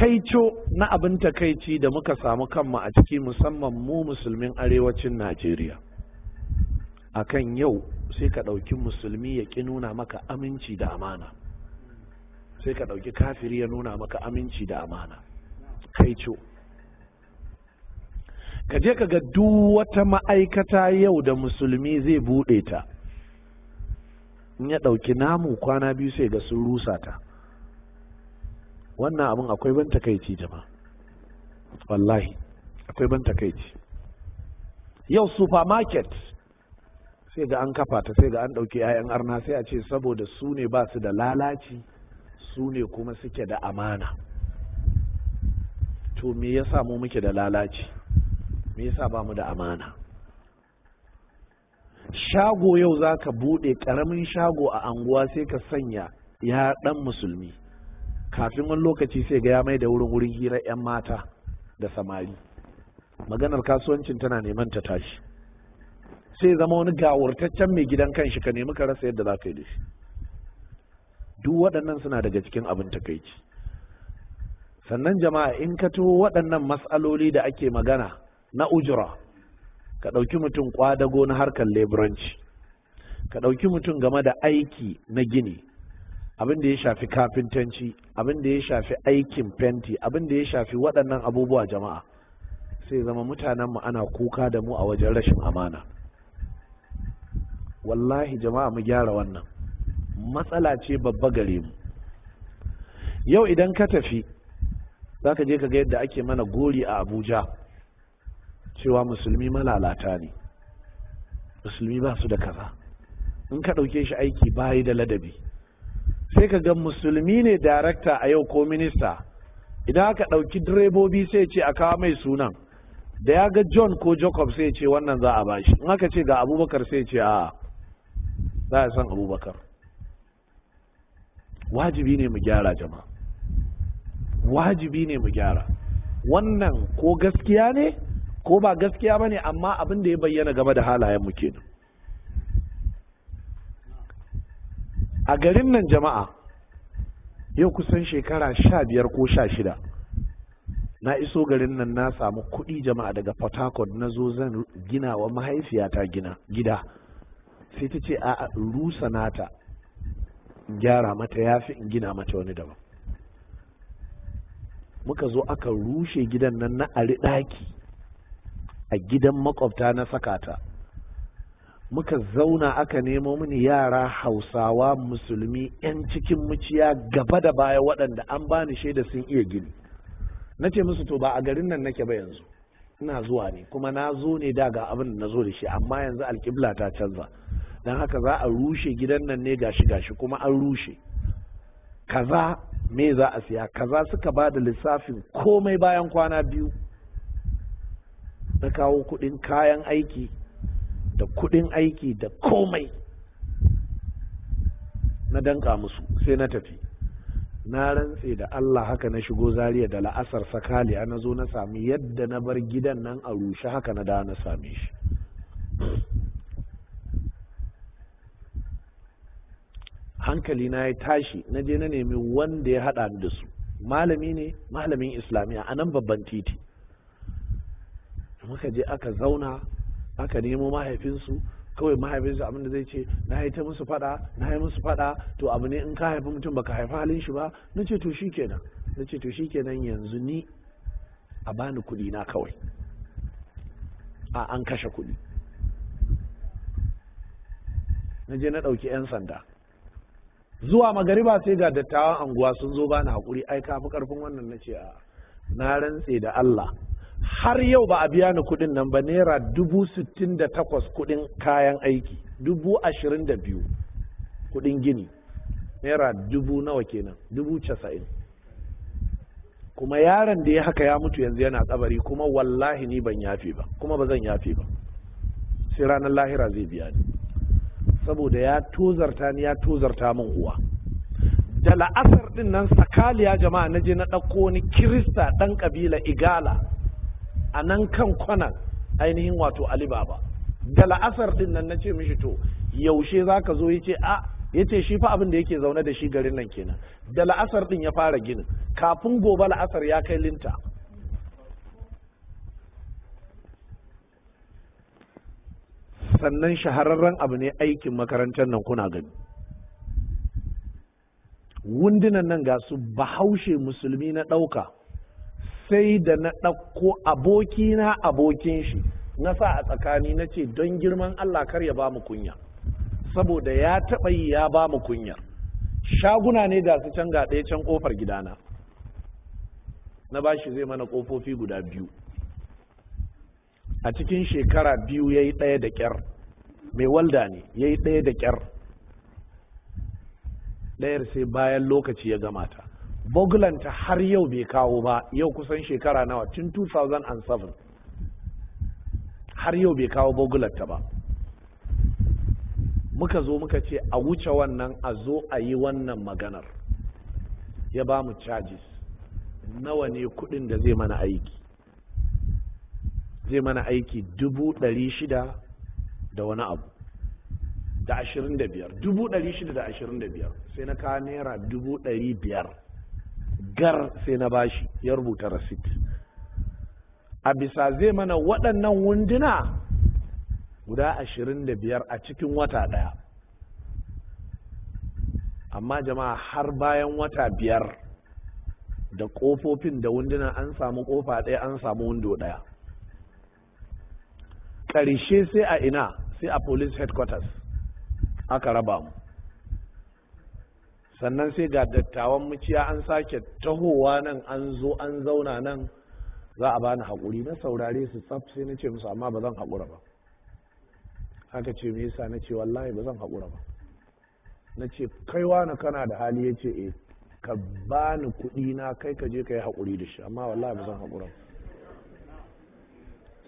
takaico na abin takaici da muka samu kanmu a ciki musamman mu musulmin arewacin najeriya akan yau sai ka ɗauki musulmi ya ƙi nuna maka aminci da amana sai ka ɗauki kafiri ya nuna maka aminci da amana kaico ka je ka ga duk wata ma'aikata yau da musulmi zai buɗe ta in ya ɗauki namu kwana biyu sai ga sun rusa ta wannan abin akwai ban takaici jama'a wallahi akwai ban takaici yau supermarket sai ga an kafa ta sai ga an ɗauki 'ya'yan arna sai a ce saboda su ne ba su da lalaci su ne kuma suke da amana to me ya mu muke da lalaci me yasa ba mu da amana shago yau za ka buɗe ƙaramin shago a anguwa sai ka sanya ya ɗan musulmi kafin wani lokaci sai ga ya mai da wurin wurin hira, 'yan mata da samari maganar kasuwancin tana neman ta tashi sai zama wani gawurtaccen mai gidan kanshi ka nemi ka rasa yadda za ka yi da shi duk waɗannan suna daga cikin abin takaici sannan jama'a in ka tuho waɗannan matsaloli da ake magana na ujura ka ɗauki mutum ƙwadago na harkar leburanci ka ɗauki mutum game da aiki na gini abin da ya shafi kafintanci abin da ya shafi aikin fenti abin da ya shafi waɗannan abubuwa jama'a sai zama mutanenmu ana kuka da mu a wajen rashin amana wallahi jama'a mu gyara wannan matsala ce babba gare mu yau idan ka tafi za ka je ka ga yadda ake mana gori a abuja cewa musulmi malalata ne musulmi ba su da kaza in ka ɗauke shi aiki bayi da ladabi sai ka ga musulmi ne darakta a yau ko minista idan aka ɗauki direbobi sai ce a kawo mai sunan da ya ga john ko jacob sai ce wannan za a bashi in aka ce ga abubakar sai ce a za a san abubakar wajibi ne mu gyara jama'a wajibi ne mu gyara wannan ko gaskiya ne ko ba gaskiya ba ne amma abin da ya bayyana game da halayen mu kenan a garin nan jama'a yau kusan shekara sha biyar ko sha shida na iso garin nan na samu kuɗi jama'a daga port na zo zan gina wa mahaifiyata gina gida sai ta ce a rusa nata gyara mata ya fi in gina mata wani daban muka zo aka rushe gidan nan na ari ɗaki a gidan makwabta na sakata muka zauna aka nemo mini yara hausawa musulmi 'yan cikin muciya gaba da baya waɗanda an bani shaida sun iya gini na ce musu to ba a garin nan nake ba yanzu ina zuwa ne kuma na zo ne da ga abin da na zo da shi amma yanzu alƙibla ta canza don haka za a rushe gidan nan ne gashi gashi kuma an rushe kaza me za a siya kaza suka ba da lissafin komai bayan kwana biyu na kawo kuɗin kayan aiki da kudin aiki da komai na danka musu sai na tafi na rantse da Allah haka na shigo zariya da la'asar sakaliya na zo na sami yadda na bar gidan nan a rushe haka na da na same shi hankali na ya tashi na je na nemi wanda ya haɗa da su malami ne malamin islamiyya a nan babban titi muka je aka zauna aka nemo mahaifinsu kawai mahaifinsu abin da zai ce na yi ta musu fada na yi musu fada to abu ne in ka haifi mutum baka haifi halin shi ba na ce to shikenan na ce to shikenan yanzu ni a bani kuɗi na kawai a an kashe kuɗi na je na ɗauki 'yan sanda zuwa magariba sai ga dattawan anguwa sun zo bani haƙuri ai kafi karfin wannan na ce a na rantse da Allah har yau ba a biya ni kudin nan ba naira dubu sittin da takwas kudin kayan aiki dubu ashirin da biyu kudin gini naira dubu nawa kenan dubu casa'in kuma yaron da ya haka ya mutu yanzu yana tsabari kuma wallahi ni ban yafe ba kuma ba zan yafe ba sai ranar lahira zai biya ni saboda ya tozarta ni ya tozarta min uwa da la'asar din nan sakaliya jama'a na je na ɗauko wani kirista ɗan ƙabila igala a nan kan kwanan ainihin wato alibaba da la'asar din nan na ce mishi to yaushe za ka zo yace a ya ce shi fa abin da yake zaune da shi garin nan kenan da la'asar din ya fara ginin kafin gobe la'asar ya kai linta sannan shahararren abu ne aikin makarantar nan kuna gani wundunan nan ga su bahaushe musulmi na ɗauka sai da na ɗauko abokina abokin shi na sa a tsakani na ce don girman Allah kar ya ba mu kunya saboda ya taɓa yi ya ba mu kunya shaguna ne ga su can ga ɗaya can ƙofar gidana na ba shi zai mana ƙofofi guda biyu a cikin shekara biyu ya yi ɗaya da ƙyar mai walda ne ya yi ɗaya da ƙyar ɗayar sai bayan lokaci ya gamata. bogulanta har yau bai kawo ba yau kusan shekara nawa tun 2007 har yau bai kawo bogulanta ba muka zo muka ce a wuce wannan a zo a yi wannan maganar ya ba mu charges nawa ne kudin da zai mana aiki zai mana aiki dubu dari shida da wani abu da ashirin da biyar dubu dari shida da ashirin da biyar sai na kawo naira dubu dari biyar gar sai na bashi ya rubuta rasit a bisa zai mana waɗannan wunduna guda ashirin da biyar a cikin wata ɗaya amma jama'a har bayan wata biyar da ƙofofin da wunduna an samu ƙofa ɗaya an samu wundo ɗaya ƙarshe sai a ina sai a police headquarters aka raba mu sannan sai ga dattawan muciya an sake tahowa nan an zo an zauna nan za a bani haƙuri na saurare su tsaf sai na ce musu amma ba zan haƙura ba haka ce me yasa na ce wallahi ba zan haƙura ba na ce kaiwa na kana da hali ya ce eh, ka bani kuɗi na kai ka je ka yi haƙuri da shi amma wallahi ba zan haƙura ba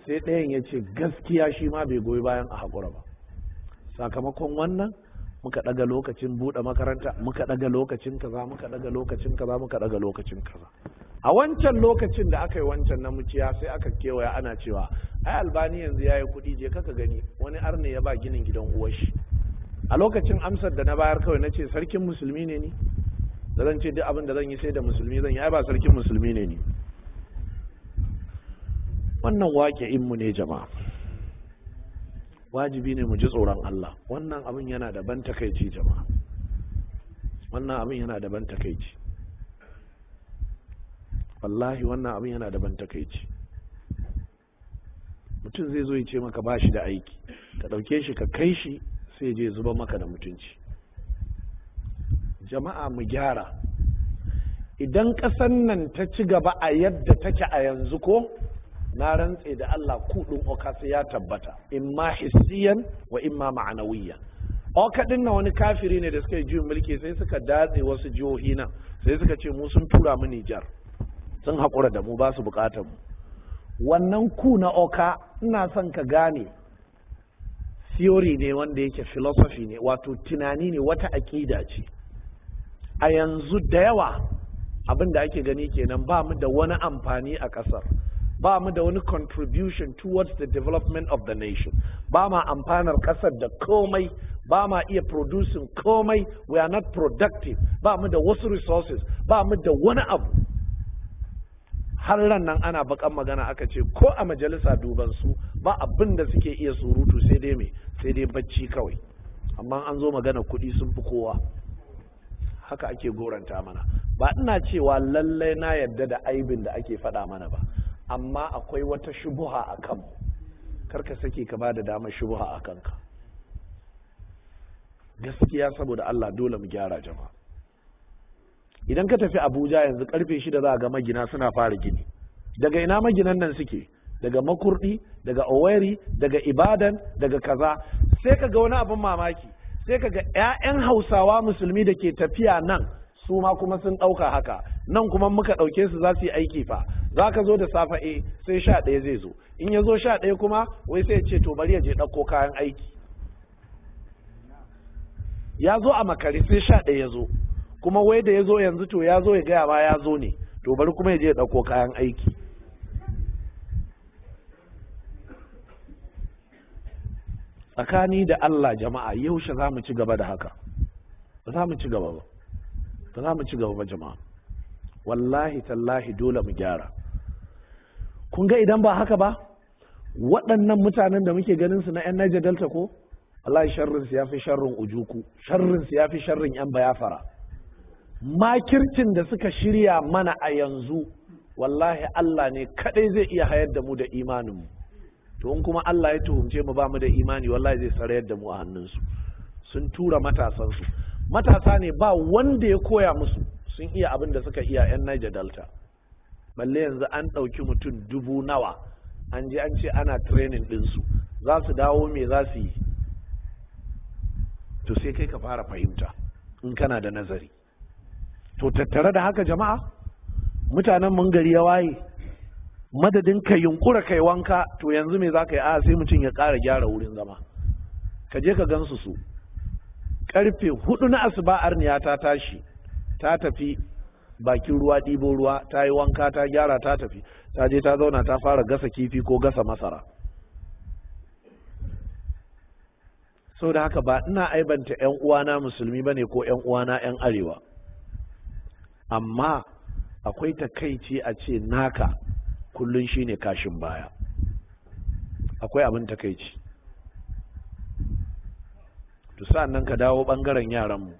sai ɗayan ya ce gaskiya shi ma bai goyi bayan a haƙura ba sakamakon wannan muka daga lokacin buɗe makaranta muka daga lokacin kaza muka daga lokacin kaza muka daga lokacin kaza a wancan lokacin da aka yi wancan na muciya sai aka kewaya ana cewa ai albani yanzu ya yi kuɗi je kaka gani wani arne ya ba ginin gidan uwashi a lokacin amsar da na bayar kawai na ce sarkin musulmi ne ni da zan ce duk abin da zan yi sai da musulmi zan yi ai ba sarkin musulmi ne ni wannan wake in mu ne jama'a wajibi ne mu ji tsoron Allah wannan abin yana da ban takaici jama'a wannan abin yana da ban takaici wallahi wannan abin yana da ban takaici mutum zai zo ya ce maka bashi da aiki ka ɗauke shi ka kai shi sai je zuba maka da mutunci jama'a mu gyara idan ƙasan nan ta ci gaba a yadda take a yanzu ko na rantse da Allah kudin oka sai ya tabbata imma hissiyan wa imma ma'anawiyya oka din na wani kafiri ne da suka yi juyin mulki sai suka datse wasu jihohi nan sai suka ce mu sun tura mu Nijar sun haƙura da mu ba su buƙatar mu wannan ku na oka ina son ka gane theory ne wanda yake philosophy ne wato tunani ne wata aƙida ce a yanzu da yawa abin da ake gani kenan ba mu da wani amfani a ƙasar ba mu da wani contribution towards the development of the nation ba ma amfanar ƙasar da komai ba ma iya producing komai we are not productive ba mu da wasu resources ba mu da wani abu har nan ana bakan magana aka ce ko a majalisa duban su ba abin da suke iya surutu sai dai me sai dai bacci kawai amma an zo magana kuɗi sun fi kowa haka ake goranta mana ba ina cewa lallai na yadda da aibin da ake faɗa mana ba amma akwai wata shubuha a kan karka sake ka ba da damar shubuha a kanka gaskiya saboda Allah dole mu gyara jama'a idan ka tafi abuja yanzu karfe shida za a ga magina suna fara gini daga ina maginan nan suke daga makurdi daga oweri daga ibadan daga kaza sai ka ga wani abin mamaki sai ka ga 'ya'yan hausawa musulmi da ke tafiya nan su ma kuma sun ɗauka haka nan kuma muka ɗauke su za su yi aiki fa za ka zo da safe e sai sha ɗaya zai zo in ya zo sha ɗaya kuma wai sai ce to bari ya je ɗauko kayan aiki ya zo a makare sai sha ɗaya ya zo kuma wai da ya zo yanzu to ya zo ya gaya ma ya zo ne to bari kuma ya je ɗauko kayan aiki tsakani da Allah jama'a yaushe za mu ci gaba da haka za mu ci gaba ba ba za mu ci gaba ba jama'a wallahi tallahi dole mu gyara kun ga idan ba haka ba waɗannan mutanen da muke ganin su na yan Niger Delta ko wallahi sharrin su yafi sharrin ujuku sharrin su yafi sharrin yan bayafara makircin da suka shirya mana a yanzu wallahi Allah ne kadai zai iya hayar da mu da imanin mu to in kuma Allah ya tuhumce mu ba mu da imani wallahi zai sarayar da mu a hannunsu sun tura matasansu matasa ne ba wanda ya koya musu sun iya abin da suka iya 'yan Niger Delta balle yanzu an ɗauki mutum dubu nawa an je an ce ana training ɗinsu za su dawo me za su yi to sai kai ka fara fahimta in kana da nazari to tattare da haka jama'a mutanen mun gari ya waye madadin ka yunkura kai wanka to yanzu me za ka yi a sai mutum ya ƙara gyara wurin zama ka je ka gansu su karfe hudu na asuba arniya ta tashi ta tafi bakin ruwa ɗibo ruwa ta yi wanka ta gyara ta tafi ta je ta zauna ta fara gasa kifi ko gasa masara sau da haka ba ina aibanta 'yan uwana musulmi ba ne ko 'yan uwana 'yan arewa amma akwai takaici a ce naka kullum shine kashin baya akwai abin takaici to sa'annan ka dawo bangaren yaranmu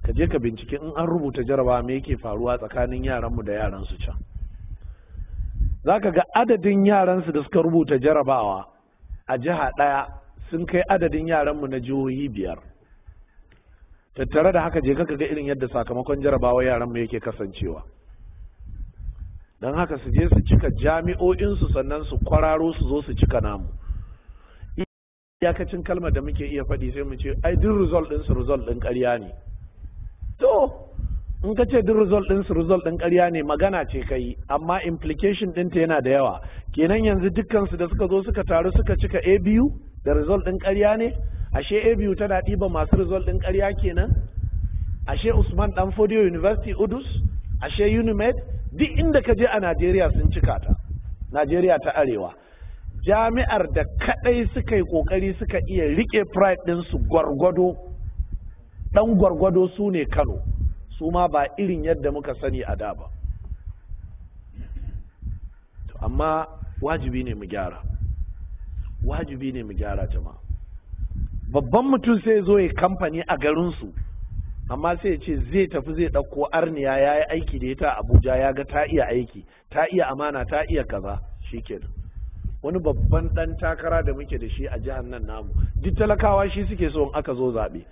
ka je ka bincike in an rubuta jarabawa me yake faruwa tsakanin yaranmu da yaran su can za ka ga adadin yaransu da suka rubuta jarabawa a jiha ɗaya sun kai adadin yaranmu na jihohi biyar tattare da haka je kaka ga irin yadda sakamakon jarabawa yaran mu yake kasancewa don haka su je su cika jami'o'insu sannan su kwararo su zo su cika namu iyakacin kalma da muke iya faɗi sai mu ce ai duk result din su result din ƙarya ne to in ka ce duk result din su result din ƙarya ne magana ce kai amma implication ɗinta yana da yawa kenan yanzu dukkan su da suka zo suka taru suka cika a biyu da result din ƙarya ne ashe a biyu tana ɗiba masu result din ƙarya kenan ashe usman dan fodiyo university udus ashe unimed duk inda ka je a najeriya sun cika ta najeriya ta arewa jami'ar da kadai suka yi kokari suka iya rike pride su gwargwado ɗan gwargwado su ne kano su ma ba irin yadda muka sani a da ba amma wajibi ne mu gyara wajibi ne mu gyara jama'a babban mutum sai zo ya kamfani a garinsu amma sai ya ce zai tafi zai ɗauko arniya ya yi aiki da ita abuja ya ga ta iya aiki ta iya amana ta iya kaza shikenan wani babban ɗan takara da muke da shi a jihar nan namu duk talakawa shi suke so in aka zo zaɓe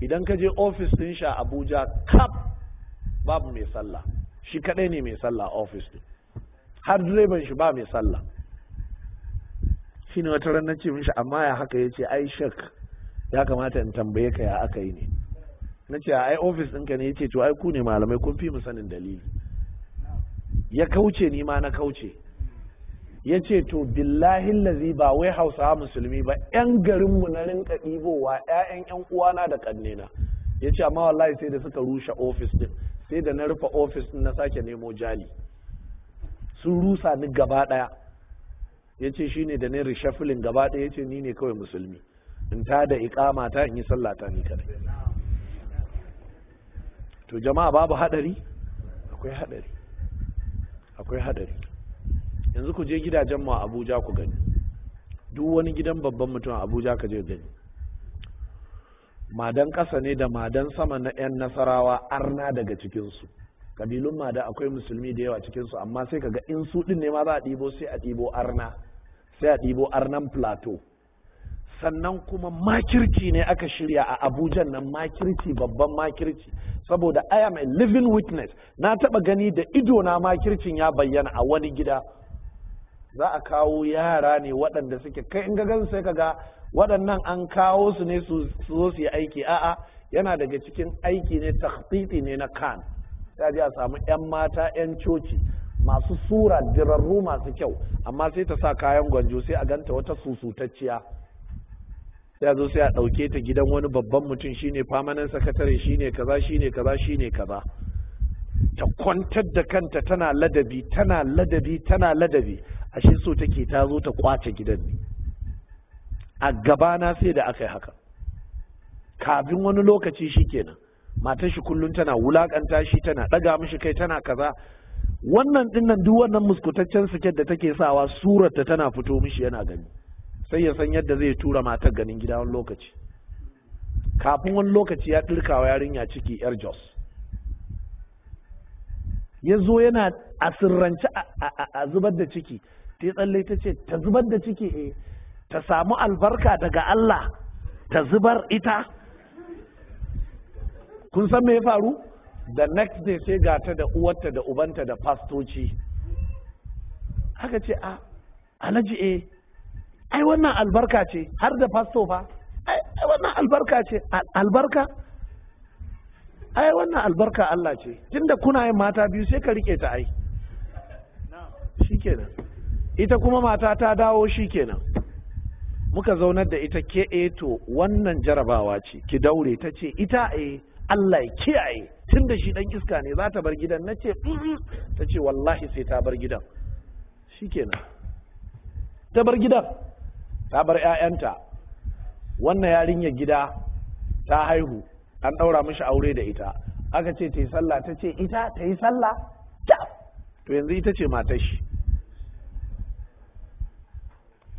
idan ka je ofis ɗin sha abuja kaf babu mai sallah shi kaɗai ne mai sallah ofis ɗin har direban shi ba mai sallah shi ne wata ranar ce mishi amma ya haka ya ce ai shak ya kamata in tambaye ka ya aka yi ne na ce ai ofis ɗinka ne ya ce to ai ku ne malamai kun fi mu sanin dalili ya kauce ni ma na kauce ya ce to billahin lazi ba wai hausa musulmi ba 'yan garinmu na rinka ɗibowa 'ya'yan 'yan uwana da ƙannena ya ce amma wallahi sai da suka rushe ofis ɗin sai da na rufe ofis ɗin na sake nemo jali sun rusa ni gaba ɗaya ya ce shi ne da na rishafilin gaba ɗaya ya ce ni ne kawai musulmi in ta da iƙama ta in yi sallata ni kadai to jama'a babu haɗari akwai haɗari akwai haɗari yanzu ku je gidajen mu a abuja ku gani duk wani gidan babban mutum a abuja ka je gani madan ƙasa ne da madan sama na 'yan nasarawa arna daga cikinsu kabilun Madan akwai musulmi da yawa cikinsu amma sai kaga in su ɗin ne ma za a ɗibo sai a ɗibo arna sai a ɗibo arnan plateau sannan kuma makirci ne aka shirya a abuja nan makirci babban makirci saboda i am a living witness na taɓa gani da ido na makircin ya bayyana a wani gida za a kawo yara ne waɗanda suke kai in ga gan ka kaga waɗannan an kawo su ne su zo su yi aiki a'a yana daga cikin aiki ne takhtiti ne na kan sai a samu yan mata yan coci masu sura dirarru masu kyau amma sai ta sa kayan gwanjo sai a ganta wata susutacciya sai a zo sai a ɗauke ta gidan wani babban mutum shine famanan sakatare shine kaza shine kaza shine kaza ta kwantar da kanta tana ladabi tana ladabi tana ladabi ashe so take ta zo ta kwace gidan ne a gabana sai da aka yi haka kafin wani lokaci shi kenan matar shi kullum tana wulakanta shi tana ɗaga mishi kai tana kaza wannan dinnan duk wannan muskutaccen suke da take sawa surarta tana fito mishi yana gani sai ya san yadda zai tura matar ganin gida wani lokaci kafin wani lokaci ya ɗirkawa yarinya ciki yar jos ya zo yana asirrance a zubar da ciki ta tsalle ta ce ta zubar da ciki eh ta samu albarka daga Allah ta zubar ita kun san me ya faru the next day sai ga ta da uwarta da ubanta da fastoci haka ce a ah, alaji eh ai wannan albarka ce har da fasto fa ai wannan albarka ce albarka ai wannan albarka Allah ce tunda kuna yin mata biyu sai ka rike ta ai shikenan ita kuma mata ta dawo shi kenan muka zaunar da ita ke e to wannan jarabawa ce ki daure ta ce ita e Allah ya kiyaye tun da shi dan iska ne za ta bar gidan na ce ta ce wallahi sai ta bar gidan shi kenan ta bar gidan ta bar 'ya'yanta wannan yarinya gida ta haihu an ɗaura mishi aure da ita aka ce ta yi sallah ta ce ita ta yi sallah to yanzu ita ce matashi shi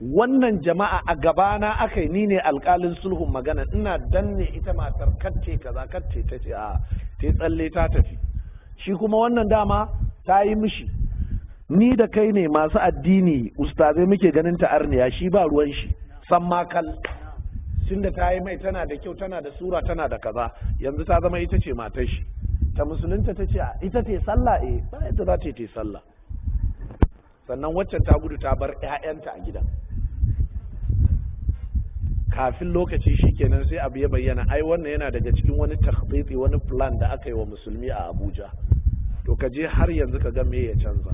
wannan jama'a a gabana aka yi ni ne alkalin sulhun magana ina danne ita matar kacce kaza kacce ta ce a ta tsalle ta tafi shi kuma wannan dama ta yi mishi ni da kai ne masu addini ustazai muke ganin ta'arniya shi ba ruwan shi san makal sun da ta yi mai tana da kyau tana da sura tana da kaza yanzu ta zama ita ce matar shi ta musulunta ta ce ita ce sallah eh ba ita za ta yi sallah sannan waccan ta gudu ta bar 'ya'yanta a gidan kafin lokaci shi shikenan sai abu ya bayyana ai wannan yana daga cikin wani takhdidi wani plan da aka yi wa musulmi a Abuja to ka je har yanzu ka ga me ya canza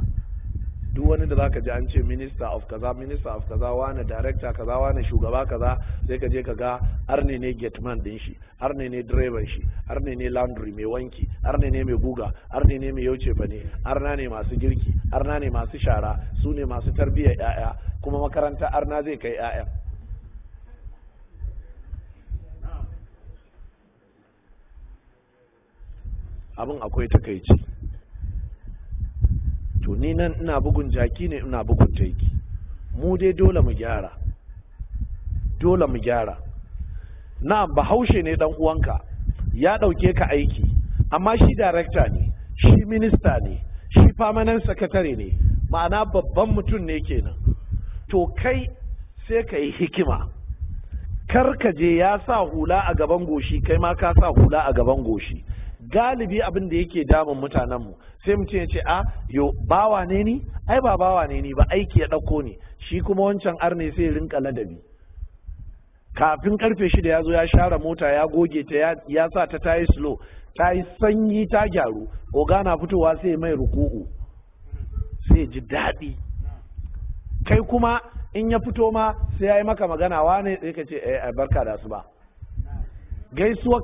duk wani da zaka ji an ce minister of kaza minister of kaza wani director kaza wani shugaba kaza sai ka je ka ga arne ne gateman din shi arne ne direban shi arne ne laundry mai wanki arne ne mai guga arne ne mai yauce fa ne arna ne masu girki arna ne masu shara su ne masu tarbiyyar yaya kuma makaranta arna zai kai yaya abin akwai takaici to ni nan ina bugun jaki ne ina bugun taiki mu dai dole mu gyara dole mu gyara na bahaushe ne dan uwanka ya dauke ka aiki amma shi director ne shi minista ne shi permanent secretary ne ma'ana babban mutum ne kenan to kai sai ka yi hikima je ya sa hula a gaban goshi kai ma ka sa hula a gaban goshi galibi abin da yake damun mutanenmu sai mutum ya ce a ah, yo bawa ne ni ai ba bawa ne ni ba aiki ya ɗauko ni shi kuma wancan arne sai rinka ladabi kafin karfe shida ya zo ya share mota ya goge ta ya sa ta tayi slow ta yi sanyi ta gyaru oga na fitowa sai mai ruku'u sai ji daɗi kai kuma in ya fito ma sai ya yi maka magana wane sai ka ce eh, barka da su ba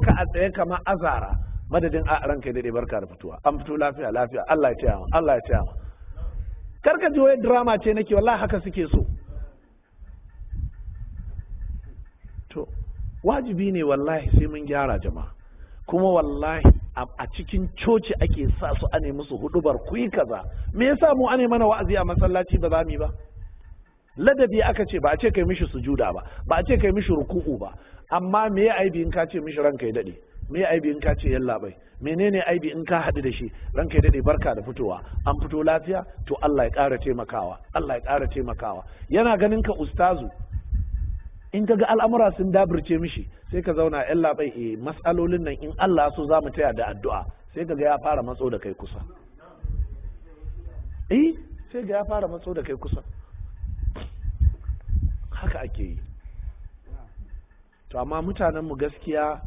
ka a tsaye kamar azara madadin a ranka daidai barka da fituwa an fito lafiya lafiya Allah ya taya Allah ya taya ma karka ji wai drama ce nake wallahi haka suke so to wajibi ne wallahi sai mun gyara jama'a kuma wallahi a cikin coci ake sa su ane musu hudubar ku kaza me yasa mu ane mana wa'azi a masallaci ba za mu yi ba ladabi aka ce ba a ce kai mishi sujuda ba ba a ce kai mishi ruku'u ba amma me ya aibi in ka ce mishi ranka ya dade me aibi in ka ce yalla bai menene aibi in ka haɗu da shi ranka ya daɗe barka da fitowa an fito lafiya to Allah ya ƙara taimakawa Allah ya ƙara taimakawa yana ganin ka ustazu in ka ga al'amura sun dabirce mishi sai ka zauna yalla bai eh mas'alolin nan in Allah so za mu taya da addu'a sai ka ga ya fara matso da kai kusa eh sai ga ya fara matso da kai kusa haka ake yi to amma mutanenmu gaskiya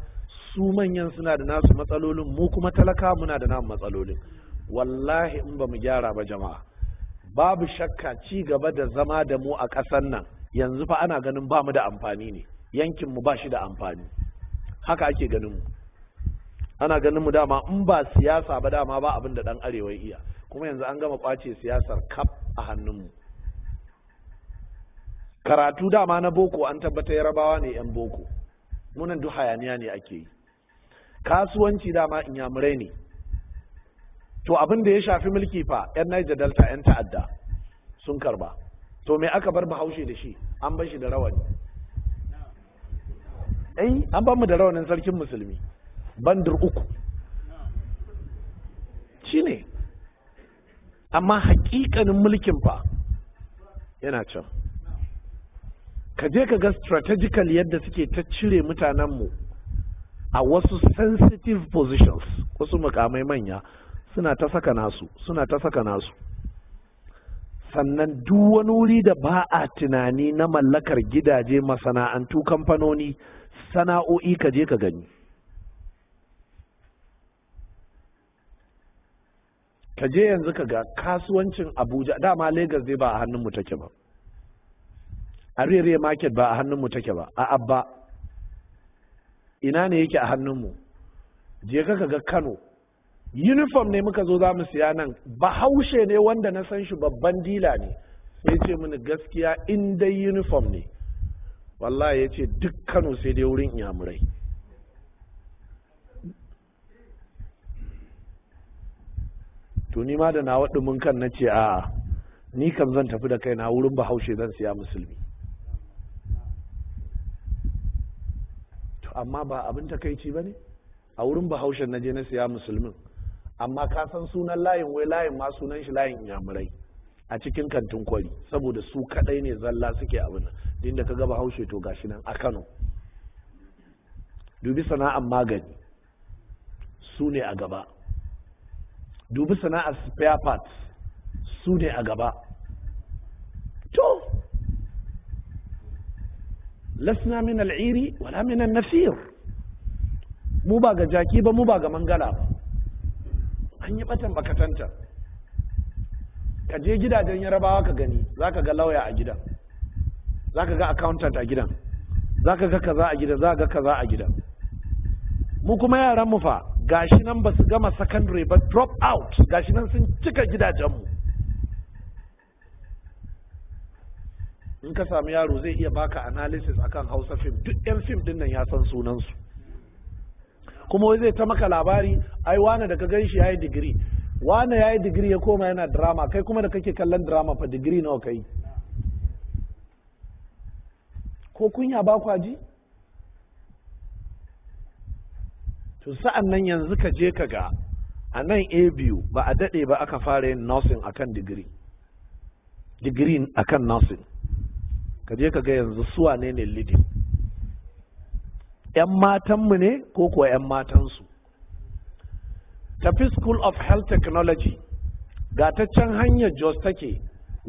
su manyan suna da nasu matsalolin mu kuma talaka muna da nan matsalolin wallahi in ba mu gyara ba jama'a babu shakka ci gaba da zama da mu a ƙasar nan yanzu fa ana ganin ba mu da amfani ne yankin mu ba shi da amfani haka ake ganin mu ana ganin mu dama in ba siyasa ba dama ba abin da dan arewa iya kuma yanzu an gama kwace siyasar kaf a hannun mu karatu dama na boko an tabbata yarabawa ne yan boko munan duk hayaniya ne ake yi kasuwanci dama inyamurai ne to abin da ya shafi mulki fa yan Niger Delta yan ta'adda sun karba to me aka bar bahaushe da shi an bar da rawani eh an bamu da rawanin sarkin musulmi bandir uku shine amma hakikanin mulkin fa yana can ka je ka ga strategical yadda suke ta cire mutanenmu a wasu sensitive positions wasu mukamai manya suna ta saka nasu suna ta saka nasu sannan duk wani wuri da ba a tunani na mallakar gidaje masana'antu kamfanoni sana'o'i ka je ka gani ka je yanzu ka ga kasuwancin abuja dama lagos dai ba a hannun mu take ba a rere market ba a hannunmu take ba a abba ina ne yake a hannunmu je ka ga kano uniform ne muka zo za mu siya nan bahaushe ne wanda na san shi babban dila ne sai ce mini gaskiya in dai uniform ne wallahi ya ce duk kano sai dai wurin iyamurai to ni ma da na waɗi mun kan na ce a'a ni kan zan tafi da kaina wurin bahaushe zan siya musulmi amma ba abin takaici ba ne a wurin bahaushen na je na siya musulmin amma ka san sunan layin wai layin ma sunan shi layin inyamurai a cikin kantin kwari saboda su kadai ne zalla suke abin din da ka ga bahaushe to gashi nan a kano dubi sana'ar magani su ne a gaba dubi sana'ar spare parts su ne a gaba to lasna min al'iri wala min an-nafir mu ba ga jaki ba mu ba ga mangala ba an yi batan bakatanta ka je gidajen yarabawa ka gani zaka ga lauya a gidan zaka ga accountant a gidan zaka ga ga kaza a gidan mu kuma yaran mu fa gashi basu gama secondary ba drop out Gashinan sun cika gidajenmu in ka sami yaro zai iya baka analysis akan hausa fim duk yan fim din nan ya san sunansu kuma wai zai ta maka labari ai wane da ka gan shi ya yi digiri wane yayi yi digiri ya koma yana drama kai kuma da kake kallon drama fa digiri nawa kai ko kunya ba kwa ji to sa'an nan yanzu ka je ka ga a nan a biyu ba a daɗe ba aka fara yin nursing akan digiri digiri akan nursing ka je ka ga yanzu suwa ne ne leading yan matanmu ne ko kuwa yan matansu tafi school of health technology ga ta can hanyar jos take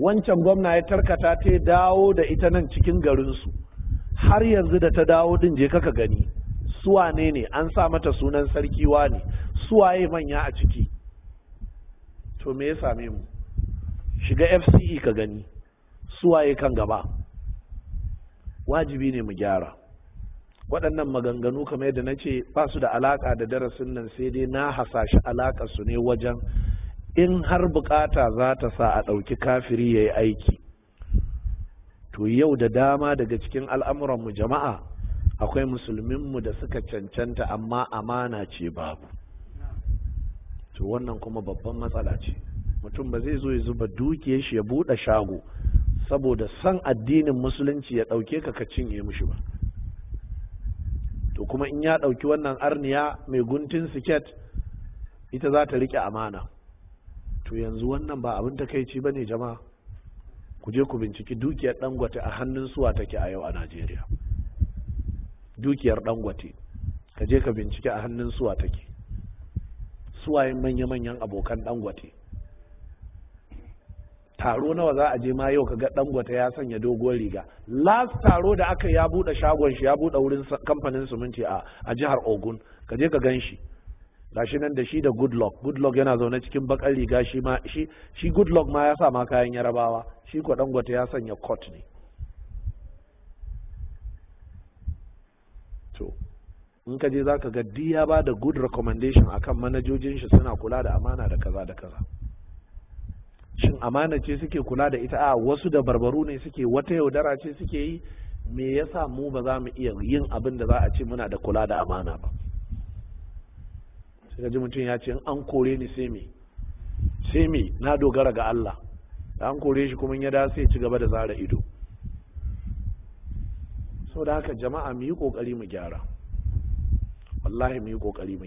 wancan gwamna ya tarkata ta dawo da ita nan cikin garinsu har yanzu da ta dawo din je kaka gani suwa ne an sa mata sunan sarki ne yi manya a ciki to me ya same mu shiga fce ka gani suwaye kan gaba wajibi ne mu gyara waɗannan maganganu kamar yadda na ce ba su da alaƙa da darasin nan sai dai na hasashi alaƙa su ne wajen in har bukata za ta sa a ɗauki kafiri ya yi aiki to yau da dama daga cikin al'amuranmu jama'a akwai musulminmu da suka cancanta amma amana ce babu to wannan kuma babban matsala ce mutum ba zai zo ya zuba dukiyar shi ya buɗe shago saboda san addinin musulunci ya ɗauke ka ka cinye mushi ba to kuma in ya ɗauki wannan arniya mai guntun siket ita za ta riƙe amana to yanzu wannan ba abin takaici ba ne jama'a ku je ku binciki dukiyar dangote a hannun suwa take a yau a najeriya dukiyar dangote ka je ka binciki a hannun suwa take suwayen manya-manyan abokan dangote taro nawa za a je ma yau kaga dangwata ya sanya doguwar riga last taro da aka ya bude shagon shi ya bude wurin kamfanin siminti a a jihar Ogun ka je ka gan shi gashi nan da shi da goodluck goodluck yana zaune cikin bakar riga shi ma shi goodluck ma ya sa ma kayan yarabawa shi ko dangwata ya sanya coat ne to in ka je za ka ga diya ba da good recommendation akan manajojin shi suna kula da amana da kaza da kaza shin amana ce suke kula da ita a wasu da barbaru ne suke wata yaudara ce suke yi me yasa mu ba za mu iya yin abin da za a ce muna da kula da amana ba sai ji mutum ya ce in an kore ni sai me sai me na dogara ga Allah da an kore shi kuma ya da sai ci gaba da zara ido so da haka jama'a mu yi kokari mu gyara wallahi mu yi kokari mu